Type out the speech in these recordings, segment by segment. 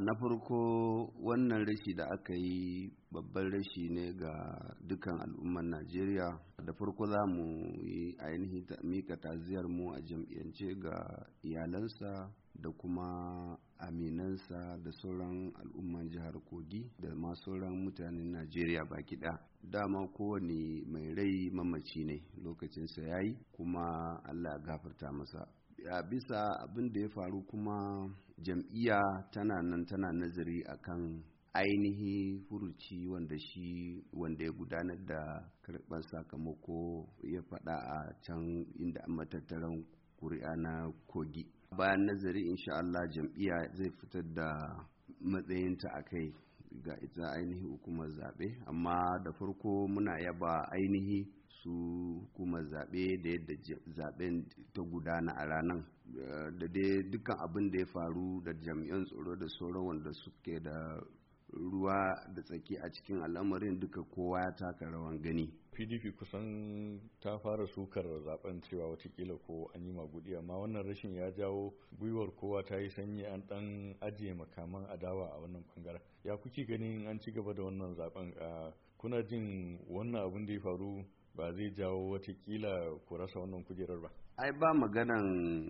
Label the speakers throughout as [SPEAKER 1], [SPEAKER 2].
[SPEAKER 1] na farko wannan rashi da aka yi babban rashi ne ga dukkan al'ummar najeriya da farko za mu yi ainihin mika taziyar mu a jam'iyyance ga iyalansa da kuma aminansa da sauran al'umman jihar kogi da ma sauran mutanen najeriya baki ɗaya dama kowane mai rai mamaci ne lokacinsa ya yi kuma allah gafarta masa a bisa abin da ya faru kuma jam'iyya tana nan tana nazari akan ainihi furuci wanda shi wanda ya gudanar da karɓar sakamako ya faɗa a can inda matattaran kuri'a na kogi bayan nazari insha Allah jam'iyya zai fitar da matsayinta a kai ga ita ainihin hukumar zaɓe amma da farko muna yaba ainihi su hukumar zaɓe da yadda zaɓen ta gudana a ranar eh, da dai dukkan abin da ya faru da jami'an tsoro da sauran wanda suke da ruwa da tsaki a cikin al'amarin duka kowa ya taka rawan gani
[SPEAKER 2] pdp kusan ta fara sukar zaben cewa watakila ko an yi magudi amma wannan rashin ya jawo gwiwar kowa ta yi sanyi an dan ajiye makaman adawa a wannan bangaren ya kuke ganin an ci gaba da wannan zaben kuna jin wannan abin da ya faru ba zai jawo watakila ku rasa wannan kujerar ba ai
[SPEAKER 1] ba maganan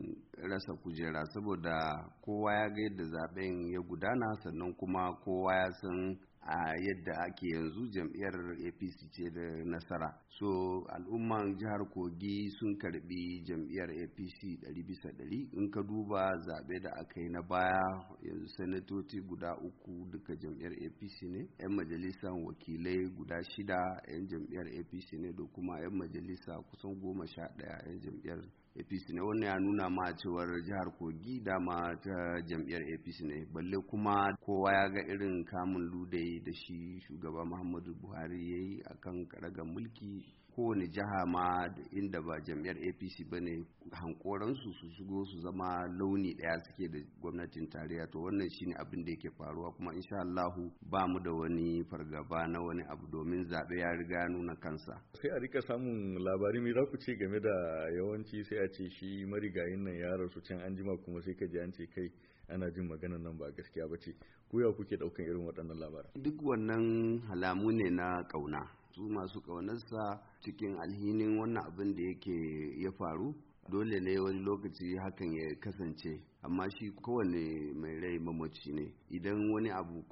[SPEAKER 1] rasa kujera saboda kowa ya ga yadda zaben ya gudana sannan kuma kowa ya san a yadda ake yanzu jam'iyyar apc ce da nasara so al'umman jihar kogi sun karbi jam'iyyar apc 100% in ka duba zaɓe da aka yi na baya yanzu sanatoci guda uku duka jam'iyyar apc ne 'yan majalisar wakilai guda shida 'yan jam'iyyar apc ne da kuma 'yan majalisa kusan goma sha ɗaya 'yan jam'iyyar apc ne wannan ya nuna ma cewar jihar kogi dama ta jam'iyyar apc ne balle kuma kowa ya ga irin kamun lude da shi shugaba muhammadu buhari ya yi a kan karagar mulki kowane jiha ma inda ba jam'iyyar apc ba ne hankoransu su shigo su zama launi ɗaya suke da gwamnatin tarayya to wannan shine abin da yake faruwa kuma insha allahu ba mu da wani fargaba na wani abu domin zaɓe ya riga nuna kansa
[SPEAKER 2] sai a rika samun labari mai za ku ce game da yawanci sai a ce shi marigayin nan ya rasu can anjima kuma sai ka ji an ce kai ana jin magana nan ba gaskiya ba ce ko ya kuke daukan irin waɗannan labaran
[SPEAKER 1] duk wannan halamu ne na ƙauna su masu ƙaunarsa cikin alhinin wannan abin da yake ya faru dole ne wani lokaci hakan ya kasance amma shi kowane mai rai mamaci ne idan wani abu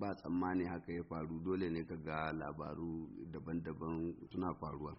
[SPEAKER 1] ba tsammani haka ya faru dole ne ka ga labaru daban-daban suna faruwa